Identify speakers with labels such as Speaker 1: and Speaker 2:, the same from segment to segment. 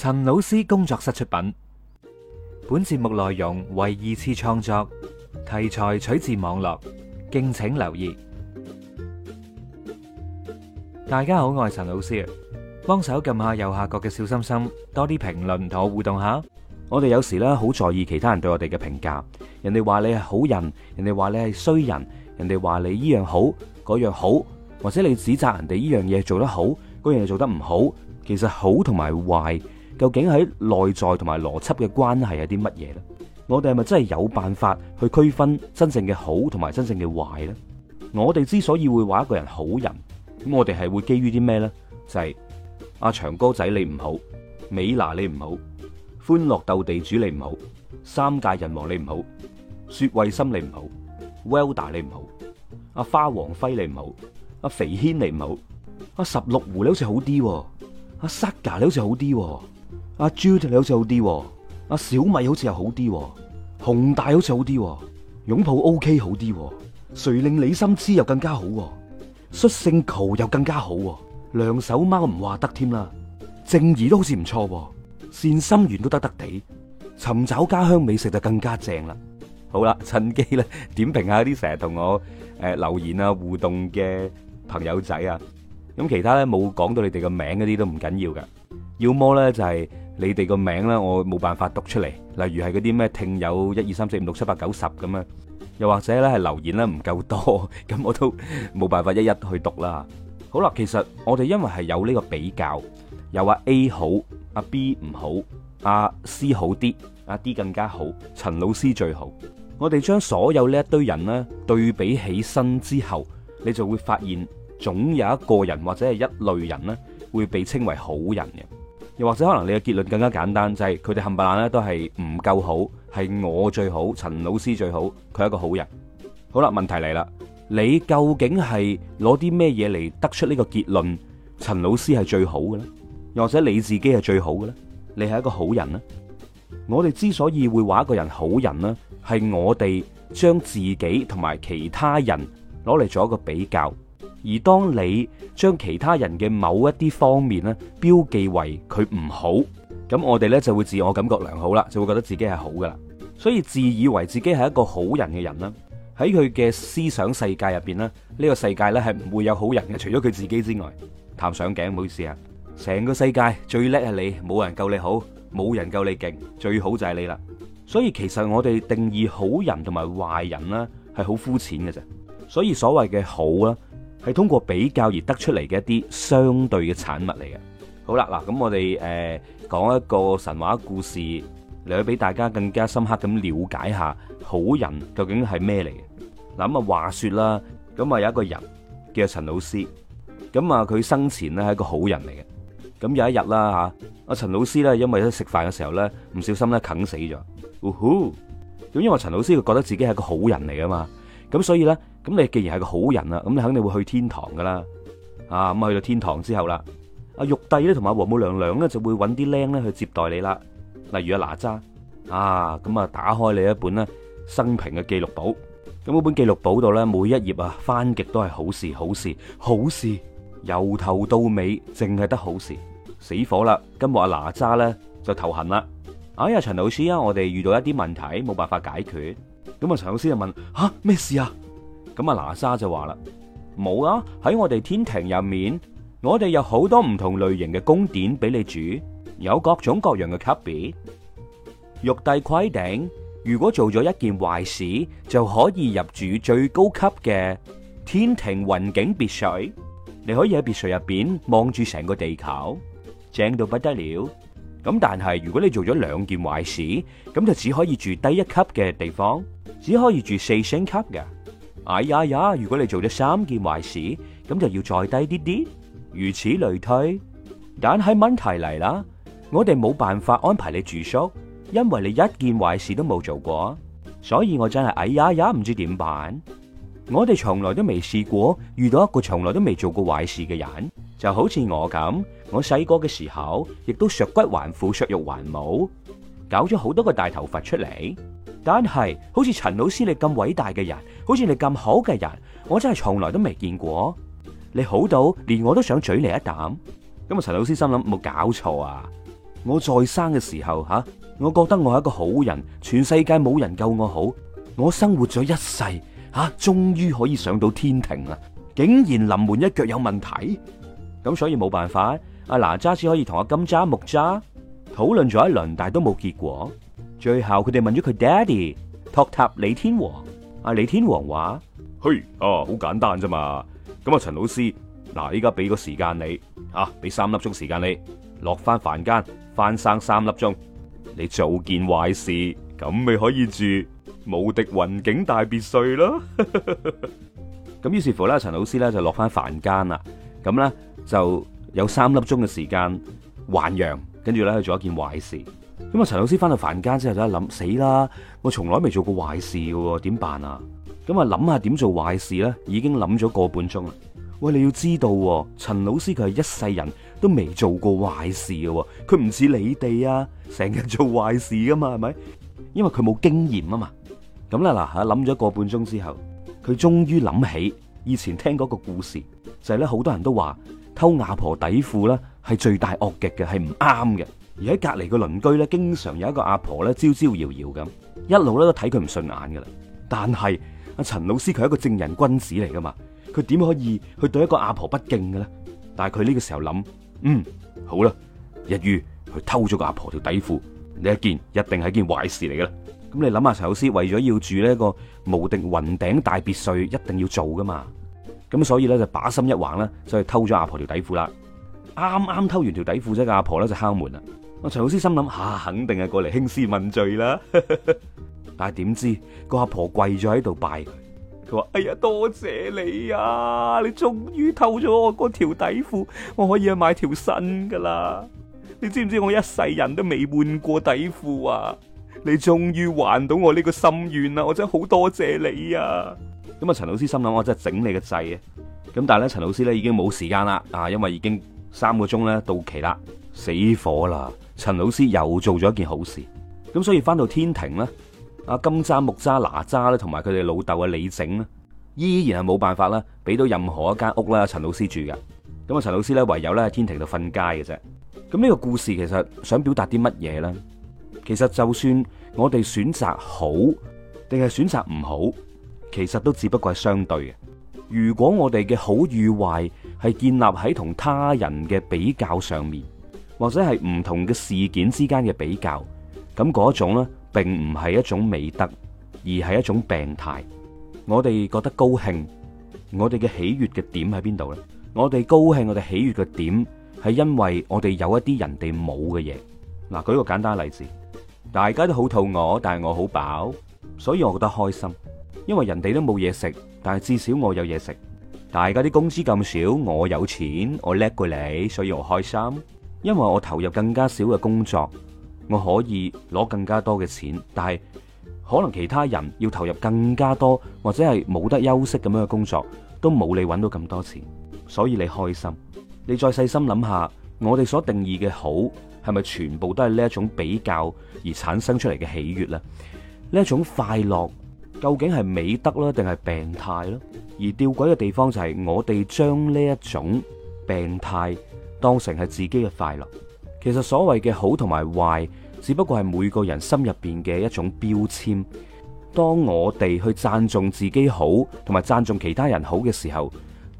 Speaker 1: 陳老師工作室出品。本節目內容為二次創作，題材取自網絡，敬請留意。大家好，我係陳老師啊。幫手撳下右下角嘅小心心，多啲評論同我互動下。我哋有時咧，好在意其他人對我哋嘅評價，人哋話你係好人，人哋話你係衰人，人哋話你依樣好，嗰樣好，或者你指責人哋依樣嘢做得好，嗰樣嘢做得唔好，其實好同埋壞。究竟喺內在同埋邏輯嘅關係係啲乜嘢咧？我哋係咪真係有辦法去區分真正嘅好同埋真正嘅壞咧？我哋之所以會話一個人好人，咁我哋係會基於啲咩咧？就係、是、阿、啊、長哥仔你唔好，美娜你唔好，歡樂鬥地主你唔好，三界人王你唔好，雪衛心你唔好，Welda 你唔好，阿、well 啊、花王輝你唔好，阿、啊、肥軒你唔好，阿、啊、十六狐，你好似好啲、哦，阿 Saga 你好似好啲、哦。阿朱睇嚟好似好啲，阿、啊、小米好似又好啲，熊大好似好啲，擁抱 O、OK、K 好啲，誰令你心知又更加好，率性球又更加好，兩手貓唔話得添啦，正義都好似唔錯，善心圓都得得地，尋找家鄉美食就更加正啦。好啦，趁機咧點評下啲成日同我誒留言啊互動嘅朋友仔啊，咁其他咧冇講到你哋嘅名嗰啲都唔緊要噶。要麼呢，就係你哋個名呢，我冇辦法讀出嚟。例如係嗰啲咩聽友，一二三四五六七八九十咁樣，又或者呢，係留言呢唔夠多，咁 我都冇辦法一一去讀啦。好啦，其實我哋因為係有呢個比較，有阿 A 好，阿 B 唔好，阿 C 好啲，阿 D 更加好，陳老師最好。我哋將所有呢一堆人呢對比起身之後，你就會發現總有一個人或者係一類人呢，會被稱為好人嘅。又或者可能你嘅結論更加簡單，就係佢哋冚唪唥咧都係唔夠好，係我最好，陳老師最好，佢係一個好人。好啦，問題嚟啦，你究竟係攞啲咩嘢嚟得出呢個結論？陳老師係最好嘅咧，又或者你自己係最好嘅咧？你係一個好人呢？我哋之所以會話一個人好人呢，係我哋將自己同埋其他人攞嚟做一個比較。而當你將其他人嘅某一啲方面咧，標記為佢唔好，咁我哋呢就會自我感覺良好啦，就會覺得自己係好噶啦。所以自以為自己係一個好人嘅人咧，喺佢嘅思想世界入邊呢，呢、呢個世界呢係唔會有好人嘅，除咗佢自己之外。探上頸，唔好意思啊，成個世界最叻係你，冇人夠你好，冇人夠你勁，最好就係你啦。所以其實我哋定義好人同埋壞人咧，係好膚淺嘅啫。所以所謂嘅好啦。係通過比較而得出嚟嘅一啲相對嘅產物嚟嘅。好啦，嗱，咁我哋誒講一個神話故事嚟去俾大家更加深刻咁了解下好人究竟係咩嚟嘅。嗱咁啊，話說啦，咁啊有一個人叫陳老師，咁啊佢生前咧係一個好人嚟嘅。咁有一日啦吓，阿陳老師咧，因為喺食飯嘅時候咧唔小心咧啃死咗。嗚呼！咁因為陳老師佢覺得自己係個好人嚟噶嘛，咁所以咧。咁你既然係個好人啦，咁你肯定會去天堂噶啦，啊咁啊去到天堂之後啦，阿玉帝咧同埋阿王母娘娘咧就會揾啲靚咧去接待你啦，例如阿、啊、哪吒，啊咁啊打開你一本咧生平嘅記錄簿，咁嗰本記錄簿度咧每一頁啊翻極都係好事好事好事，由頭到尾淨係得好事，死火啦！今日阿、啊、哪吒咧就頭痕啦，哎呀陳老師啊，我哋遇到一啲問題冇辦法解決，咁啊陳老師就問吓咩、啊、事啊？咁啊拿沙就話啦，冇啦，喺我哋天庭入面，我哋有好多唔同類型嘅宮殿俾你住，有各種各樣嘅級別。哎呀呀！如果你做咗三件壞事，咁就要再低啲啲，如此類推。但係問題嚟啦，我哋冇辦法安排你住宿，因為你一件壞事都冇做過，所以我真係哎呀呀，唔知點辦。我哋從來都未試過遇到一個從來都未做過壞事嘅人，就好似我咁，我細個嘅時候亦都削骨還父，削肉還母。搞咗好多個大頭佛出嚟，但係好似陳老師你咁偉大嘅人，好似你咁好嘅人，我真係從來都未見過。你好到連我都想嘴你一啖。咁啊，陳老師心諗冇搞錯啊！我再生嘅時候吓，我覺得我係一個好人，全世界冇人救我好。我生活咗一世吓，終於可以上到天庭啦，竟然臨門一腳有問題。咁所以冇辦法，阿哪吒只可以同阿金吒、木吒。討論咗一輪，但係都冇結果。最後佢哋問咗佢 Daddy 托塔李天王，阿李天王話：嘿、hey，啊，好簡單啫嘛。咁、嗯、啊，陳老師嗱，依家俾個時間你啊，俾三粒鐘時間你落翻凡間，翻生三粒鐘，你做件壞事咁，咪可以住無敵雲景大別墅咯。咁 於、嗯、是乎咧，陳老師咧就落翻凡間啦。咁咧就有三粒鐘嘅時間還陽。跟住咧去做一件壞事，咁啊陳老師翻到凡間之後就一諗死啦，我從來未做過壞事嘅，點辦啊？咁啊諗下點做壞事呢？已經諗咗個半鐘啦。喂，你要知道，陳老師佢係一世人，都未做過壞事嘅，佢唔似你哋啊，成日做壞事噶嘛，係咪？因為佢冇經驗啊嘛。咁咧嗱，諗咗個半鐘之後，佢終於諗起以前聽嗰個故事，就係咧好多人都話偷阿婆底褲啦。係最大惡極嘅，係唔啱嘅。而喺隔籬嘅鄰居咧，經常有一個阿婆咧，招招搖搖咁，一路咧都睇佢唔順眼噶啦。但係阿陳老師佢係一個正人君子嚟噶嘛，佢點可以去對一個阿婆不敬嘅咧？但係佢呢個時候諗，嗯，好啦，一於去偷咗個阿婆條底褲，呢一件一定係一件壞事嚟噶啦。咁你諗下，陳老師為咗要住呢一個無敵雲頂大別墅，一定要做噶嘛。咁所以咧，就把心一橫咧，就去偷咗阿婆條底褲啦。啱啱偷完條底褲，隻阿婆咧就敲門啦。阿陳老師心諗吓、啊，肯定係過嚟興師問罪啦。 但係點知個阿婆跪咗喺度拜，佢佢話：哎呀，多謝你啊！你終於偷咗我嗰條底褲，我可以去買條新噶啦。你知唔知我一世人都未換過底褲啊？你終於還到我呢個心願啦！我真係好多謝你啊！咁啊，陳老師心諗我真係整你個掣啊。咁但係咧，陳老師咧已經冇時間啦。啊，因為已經。三個鐘咧到期啦，死火啦！陳老師又做咗一件好事，咁所以翻到天庭咧，阿金吒、木吒、哪吒咧，同埋佢哋老豆嘅李靖呢，依然係冇辦法啦，俾到任何一間屋啦，阿陳老師住噶。咁阿陳老師咧，唯有咧喺天庭度瞓街嘅啫。咁呢個故事其實想表達啲乜嘢呢？其實就算我哋選擇好定係選擇唔好，其實都只不過係相對嘅。如果我哋嘅好與壞，係建立喺同他人嘅比較上面，或者係唔同嘅事件之間嘅比較，咁嗰種呢並唔係一種美德，而係一種病態。我哋覺得高興，我哋嘅喜悅嘅點喺邊度呢？我哋高興，我哋喜悅嘅點係因為我哋有一啲人哋冇嘅嘢。嗱，舉個簡單例子，大家都好肚餓，但係我好飽，所以我覺得開心，因為人哋都冇嘢食，但係至少我有嘢食。大家啲工資咁少，我有錢，我叻過你，所以我開心，因為我投入更加少嘅工作，我可以攞更加多嘅錢。但係可能其他人要投入更加多，或者係冇得休息咁樣嘅工作，都冇你搵到咁多錢，所以你開心。你再細心諗下，我哋所定義嘅好係咪全部都係呢一種比較而產生出嚟嘅喜悅呢？呢一種快樂。究竟係美德啦，定係病態啦？而吊詭嘅地方就係，我哋將呢一種病態當成係自己嘅快樂。其實所謂嘅好同埋壞，只不過係每個人心入邊嘅一種標籤。當我哋去讚頌自己好，同埋讚頌其他人好嘅時候，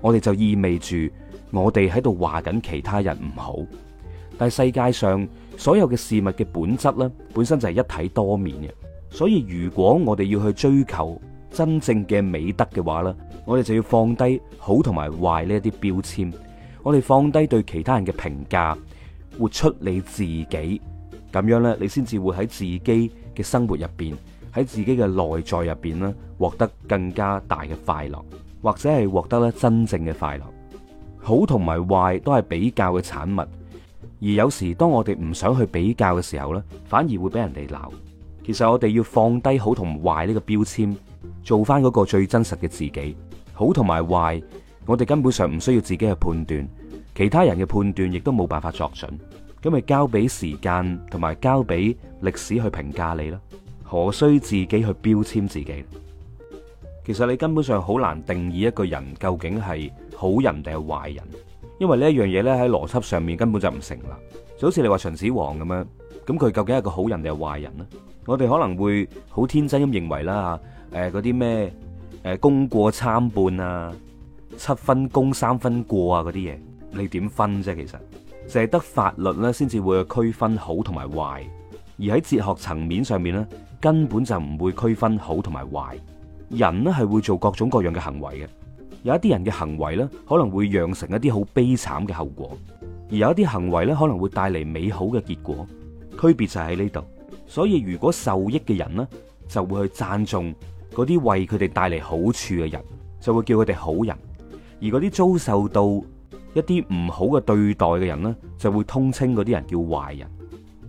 Speaker 1: 我哋就意味住我哋喺度話緊其他人唔好。但係世界上所有嘅事物嘅本質咧，本身就係一體多面嘅。所以，如果我哋要去追求真正嘅美德嘅話呢，我哋就要放低好同埋壞呢一啲標籤，我哋放低對其他人嘅評價，活出你自己，咁樣呢，你先至會喺自己嘅生活入邊，喺自己嘅內在入邊呢，獲得更加大嘅快樂，或者係獲得咧真正嘅快樂。好同埋壞都係比較嘅產物，而有時當我哋唔想去比較嘅時候呢，反而會俾人哋鬧。其實我哋要放低好同壞呢個標籤，做翻嗰個最真實嘅自己。好同埋壞，我哋根本上唔需要自己去判斷，其他人嘅判斷亦都冇辦法作準。咁咪交俾時間同埋交俾歷史去評價你啦，何須自己去標籤自己？其實你根本上好難定義一個人究竟係好人定係壞人，因為呢一樣嘢咧喺邏輯上面根本就唔成立。就好似你話秦始皇咁樣，咁佢究竟係個好人定係壞人呢？我哋可能會好天真咁認為啦嚇，誒嗰啲咩誒功過參半啊，七分功三分過啊嗰啲嘢，你點分啫？其實淨係得法律咧先至會區分好同埋壞，而喺哲學層面上面咧，根本就唔會區分好同埋壞。人咧係會做各種各樣嘅行為嘅，有一啲人嘅行為呢，可能會釀成一啲好悲慘嘅後果，而有一啲行為呢，可能會帶嚟美好嘅結果，區別就喺呢度。所以如果受益嘅人呢，就會去讚頌嗰啲為佢哋帶嚟好處嘅人，就會叫佢哋好人；而嗰啲遭受到一啲唔好嘅對待嘅人呢，就會通稱嗰啲人叫壞人。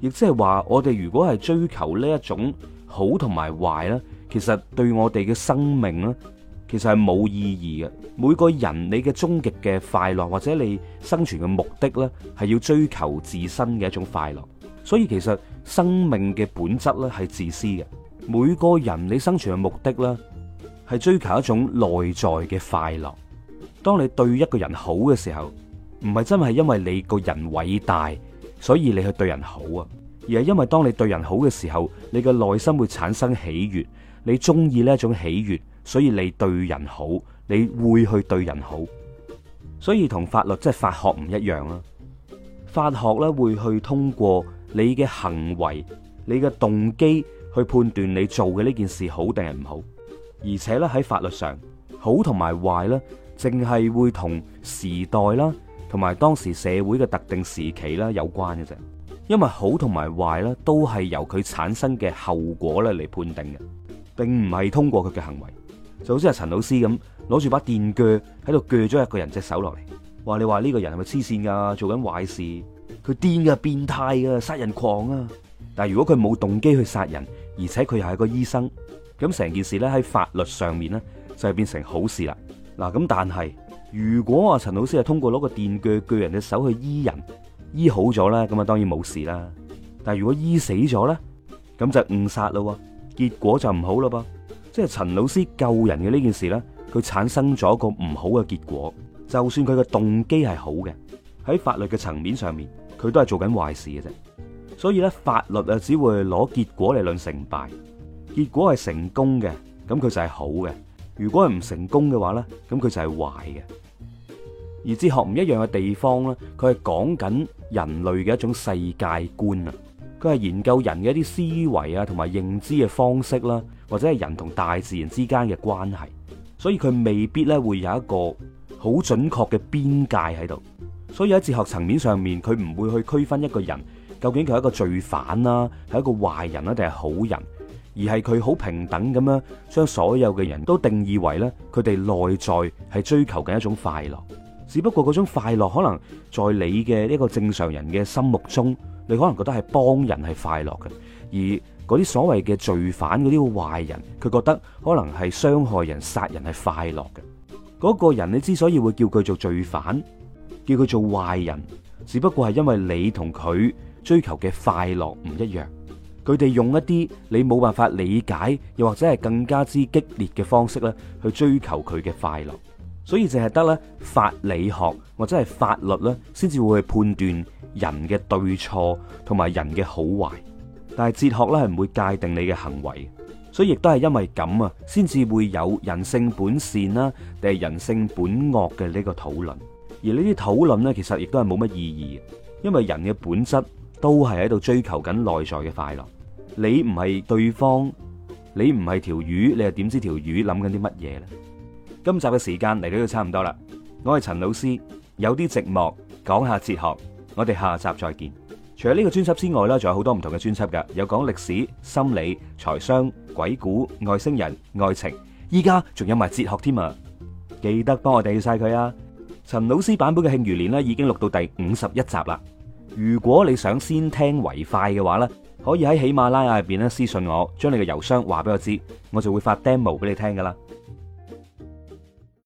Speaker 1: 亦即係話，我哋如果係追求呢一種好同埋壞呢，其實對我哋嘅生命呢，其實係冇意義嘅。每個人你嘅終極嘅快樂或者你生存嘅目的呢，係要追求自身嘅一種快樂。所以其實生命嘅本質咧，係自私嘅。每個人你生存嘅目的咧，係追求一種內在嘅快樂。當你對一個人好嘅時候，唔係真係因為你個人偉大，所以你去對人好啊，而係因為當你對人好嘅時候，你嘅內心會產生喜悅，你中意呢一種喜悅，所以你對人好，你會去對人好。所以同法律即係、就是、法學唔一樣啊。法學咧會去通過。你嘅行為、你嘅動機，去判斷你做嘅呢件事好定係唔好。而且咧喺法律上，好同埋壞呢，淨係會同時代啦，同埋當時社會嘅特定時期啦有關嘅啫。因為好同埋壞呢，都係由佢產生嘅後果咧嚟判定嘅，並唔係通過佢嘅行為。就好似阿陳老師咁，攞住把電鋸喺度鋸咗一個人隻手落嚟，話你話呢個人係咪黐線㗎？做緊壞事。佢癲噶，變態噶，殺人狂啊！但係如果佢冇動機去殺人，而且佢又係個醫生，咁成件事咧喺法律上面咧就係變成好事啦。嗱，咁但係如果阿陳老師係通過攞個電鋸鋸人嘅手去醫人，醫好咗咧，咁啊當然冇事啦。但係如果醫死咗咧，咁就誤殺咯，結果就唔好咯噃。即係陳老師救人嘅呢件事咧，佢產生咗個唔好嘅結果，就算佢嘅動機係好嘅。喺法律嘅層面上面，佢都係做緊壞事嘅啫。所以咧，法律啊，只會攞結果嚟論成敗。結果係成功嘅，咁佢就係好嘅；如果係唔成功嘅話呢，咁佢就係壞嘅。而哲學唔一樣嘅地方呢，佢係講緊人類嘅一種世界觀啊，佢係研究人嘅一啲思維啊，同埋認知嘅方式啦，或者係人同大自然之間嘅關係。所以佢未必咧會有一個好準確嘅邊界喺度。所以喺哲學層面上面，佢唔會去區分一個人究竟佢係一個罪犯啊，係一個壞人啊定係好人，而係佢好平等咁樣，將所有嘅人都定義為咧，佢哋內在係追求緊一種快樂。只不過嗰種快樂可能在你嘅呢一個正常人嘅心目中，你可能覺得係幫人係快樂嘅，而嗰啲所謂嘅罪犯嗰啲壞人，佢覺得可能係傷害人、殺人係快樂嘅。嗰個人你之所以會叫佢做罪犯。叫佢做壞人，只不過係因為你同佢追求嘅快樂唔一樣，佢哋用一啲你冇辦法理解，又或者係更加之激烈嘅方式咧，去追求佢嘅快樂。所以淨係得咧法理學或者係法律咧，先至會去判斷人嘅對錯同埋人嘅好壞。但係哲學咧係唔會界定你嘅行為，所以亦都係因為咁啊，先至會有人性本善啦，定係人性本惡嘅呢個討論。而呢啲討論呢，其實亦都係冇乜意義，因為人嘅本質都係喺度追求緊內在嘅快樂。你唔係對方，你唔係條魚，你又點知條魚諗緊啲乜嘢呢？今集嘅時間嚟到都差唔多啦。我係陳老師，有啲寂寞，講下哲學。我哋下集再見。除咗呢個專輯之外呢，仲有好多唔同嘅專輯噶，有講歷史、心理、財商、鬼故、外星人、愛情，依家仲有埋哲學添啊！記得幫我訂晒佢啊！陳老師版本嘅《慶餘年》咧已經錄到第五十一集啦。如果你想先聽為快嘅話咧，可以喺喜馬拉雅入邊咧私信我，將你嘅郵箱話俾我知，我就會發 demo 俾你聽㗎啦。